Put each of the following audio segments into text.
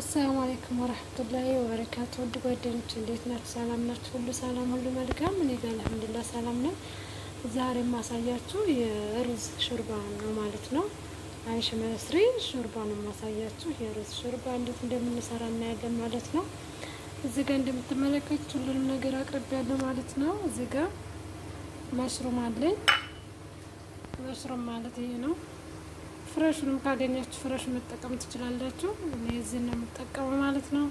አሰላሙ አለይኩም ወረህመቱላሂ ወበረካቱ። ውድ ጓደኞች እንዴት ናችሁ? ሰላም ናችሁ? ሁሉ ሰላም፣ ሁሉ መልካም። እኔ ጋር አልሐምዱሊላህ ሰላም ነው። ዛሬ የማሳያችሁ የሩዝ ሹርባ ነው ማለት ነው። አይሽ መስሪ ሹርባ ነው የማሳያችሁ። የሩዝ ሹርባ እንዴት እንደምንሰራ እናያለን ማለት ነው። እዚህ ጋር እንደምትመለከቱት ሁሉንም ነገር አቅርቤያለሁ ማለት ነው። እዚህ ጋር መሽሩም አለኝ። መሽሩም ማለት ይሄ ነው ፍረሹንም ካገኛችሁ ፍሬሽ መጠቀም ትችላላችሁ። እኔ እዚህ ነው የምጠቀመው ማለት ነው።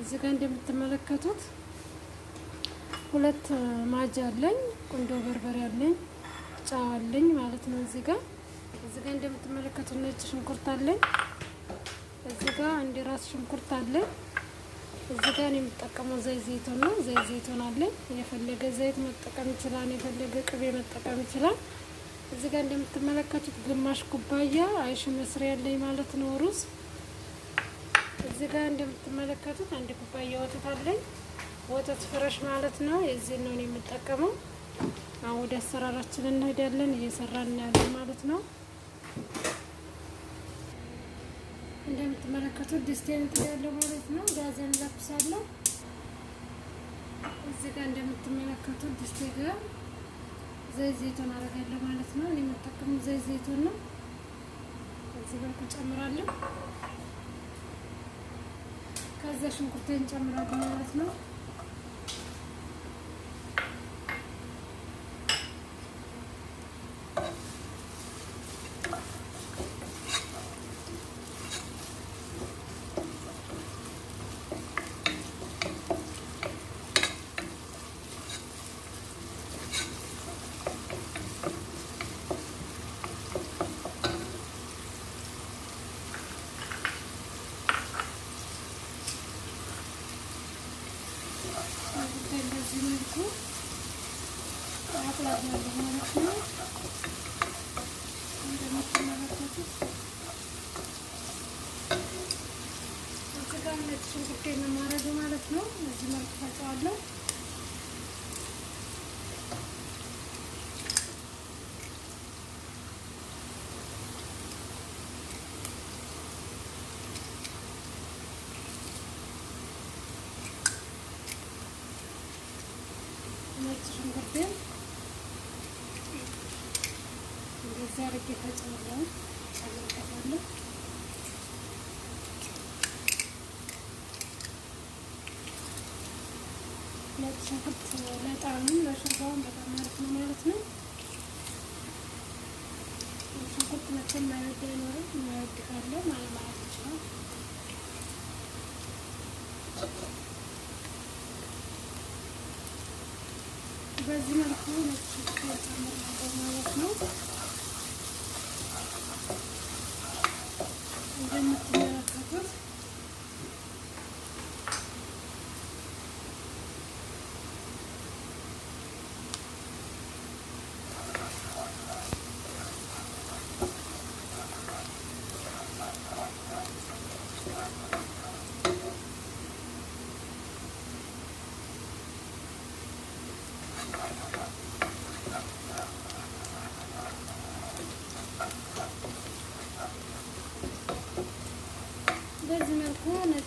እዚህ ጋር እንደምትመለከቱት ሁለት ማጅ አለኝ፣ ቁንዶ በርበሬ አለኝ፣ ጫ አለኝ ማለት ነው። እዚህ ጋር እዚህ ጋር እንደምትመለከቱት ነጭ ሽንኩርት አለኝ። እዚህ ጋር አንድ ራስ ሽንኩርት አለኝ። እዚህ ጋር የምጠቀመው ዘይት ዘይቱን ነው። ዘይት ዘይቱን አለኝ። የፈለገ ዘይት መጠቀም ይችላል፣ የፈለገ ቅቤ መጠቀም ይችላል። እዚህ ጋር እንደምትመለከቱት ግማሽ ኩባያ አይሽ መስሪያ ያለኝ ማለት ነው ሩዝ። እዚህ ጋር እንደምትመለከቱት አንድ ኩባያ ወተት አለኝ፣ ወተት ፍረሽ ማለት ነው። የዚህ ነው የምጠቀመው። አሁን ወደ አሰራራችን እንሄዳለን። እየሰራን ያለ ማለት ነው። እንደምትመለከቱት ድስቴን ያለው ማለት ነው። ጋዘን ለብሳለሁ። እዚህ ጋር እንደምትመለከቱት ድስቴ ጋር ዘይት ዘይቱን አደርጋለሁ ማለት ነው። እኔ የምጠቀመው ዘይት ዘይቱን ነው። በዚህ መልኩ ጨምራለሁ። ከዛ ሽንኩርቴን ጨምራለሁ ማለት ነው። በዚህ መልኩ አጥላላለሁ ማለት ነው። እንደምትመለከቱት እዚህ ጋር ነጭ ሽንኩርቴን የማደርገው ማለት ነው። በዚህ መልኩ ፈጫዋለሁ። ነጭ ሽንኩርትን እንደዚህ አድርጌ ተጨምረው ጨምርበታለሁ። ነጭ ሽንኩርት ለጣዕምም ለሾርባውም በጣም አሪፍ ነው ማለት ነው። ሽንኩርት መቼም የማይወድ አይኖርም፣ የማይወድ ካለ ይችላል። በዚህ መልኩ ነጭ ጨምራለሁ ማለት ነው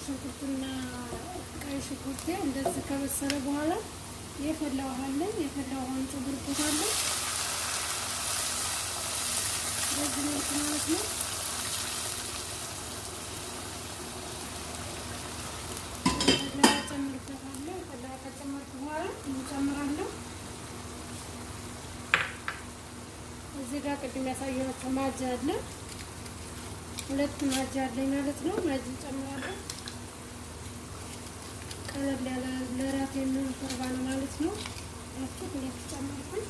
ሽንኩርትና ቀይ ሽንኩርቴ እንደዚህ ከበሰለ በኋላ የፈላ ውሃ አለኝ። የፈላ ውሃን ጨምርበታለሁ በዚህ መልክ ማለት ነው። ከጨመርኩ በኋላ እንጨምራለሁ። እዚህ ጋር ቅድም ያሳየኋቸው ማጅ አለ። ሁለት ማጅ አለኝ ማለት ነው። ማጅ እንጨምራለሁ ቀለል ያለ ለራት የሚሆን ነው ማለት ነው። ያችሁ ሁለት ጨመርኩኝ።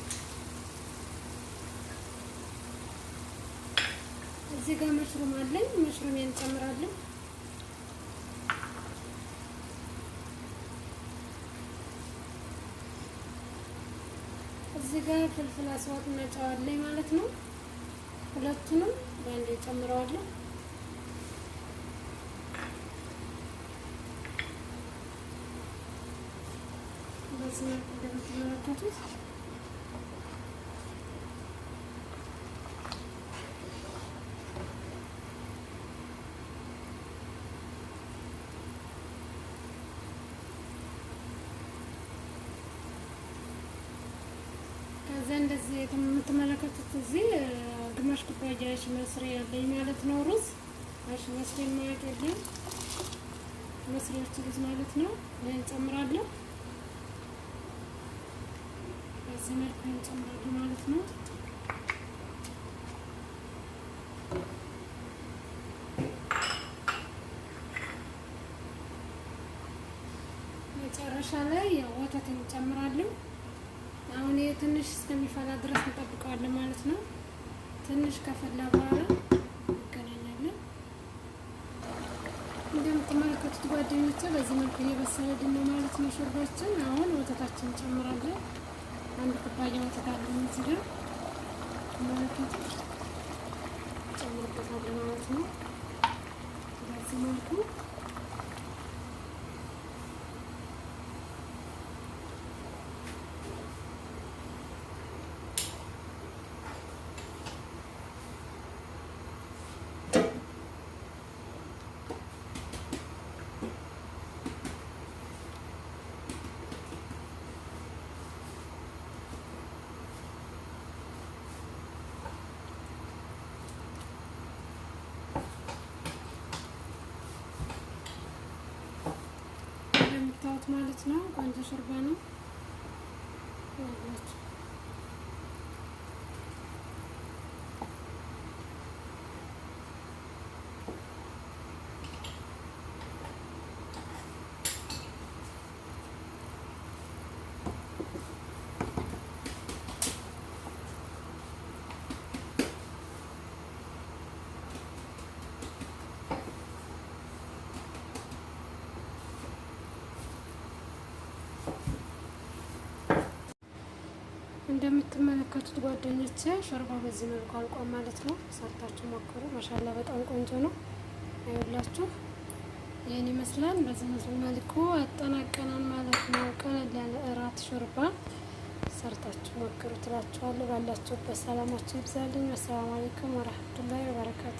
እዚህ ጋር መሽሩም አለኝ። መሽሩም እንጨምራለን። እዚህ ጋር ፍልፍል አስዋጥ ማለት ነው። ሁለቱንም በአንድ ጨምረዋለን። በዚህ መልክ እንደምትመለከቱት ከዚያ እንደዚህ የምትመለከቱት እዚህ ግማሽ ኩባያ የሺ መስሪያ ያለኝ ማለት ነው። ሩዝ አሽ መስሪ የማያውቅ የለም መስሪያዎች ሩዝ ማለት ነው። ይህን ጨምራለሁ። በዚህ መልኩ እንጨምራለን ማለት ነው። መጨረሻ ላይ ወተት እንጨምራለን። አሁን ይሄ ትንሽ እስከሚፈላ ድረስ እንጠብቀዋለን ማለት ነው። ትንሽ ከፈላ በኋላ እንገናኛለን። እንደምትመለከቱት ጓደኞቼ በዚህ መልኩ እየበሰለልን ነው ማለት ነው ሾርባችን። አሁን ወተታችን እንጨምራለን። አንድ ኩባያ ወተት አለኝ እዚህ ጋር ማለት ነው በዚህ መልኩ ማለት ነው። ቆንጆ ሾርባ ነው። እንደምትመለከቱት ጓደኞች ሾርባ በዚህ መልኩ አልቋል ማለት ነው። ሰርታችሁ ሞክሩ። ማሻላ በጣም ቆንጆ ነው። አይውላችሁ ይህን ይመስላል። በዚህ መልኩ አጠናቀናን ማለት ነው። ቀለል ያለ እራት ሾርባ ሰርታችሁ ሞክሩ ትላችኋለሁ። ባላችሁበት ሰላማችሁ ይብዛልኝ። አሰላሙ አለይኩም ወረህመቱላሂ ወበረካቱ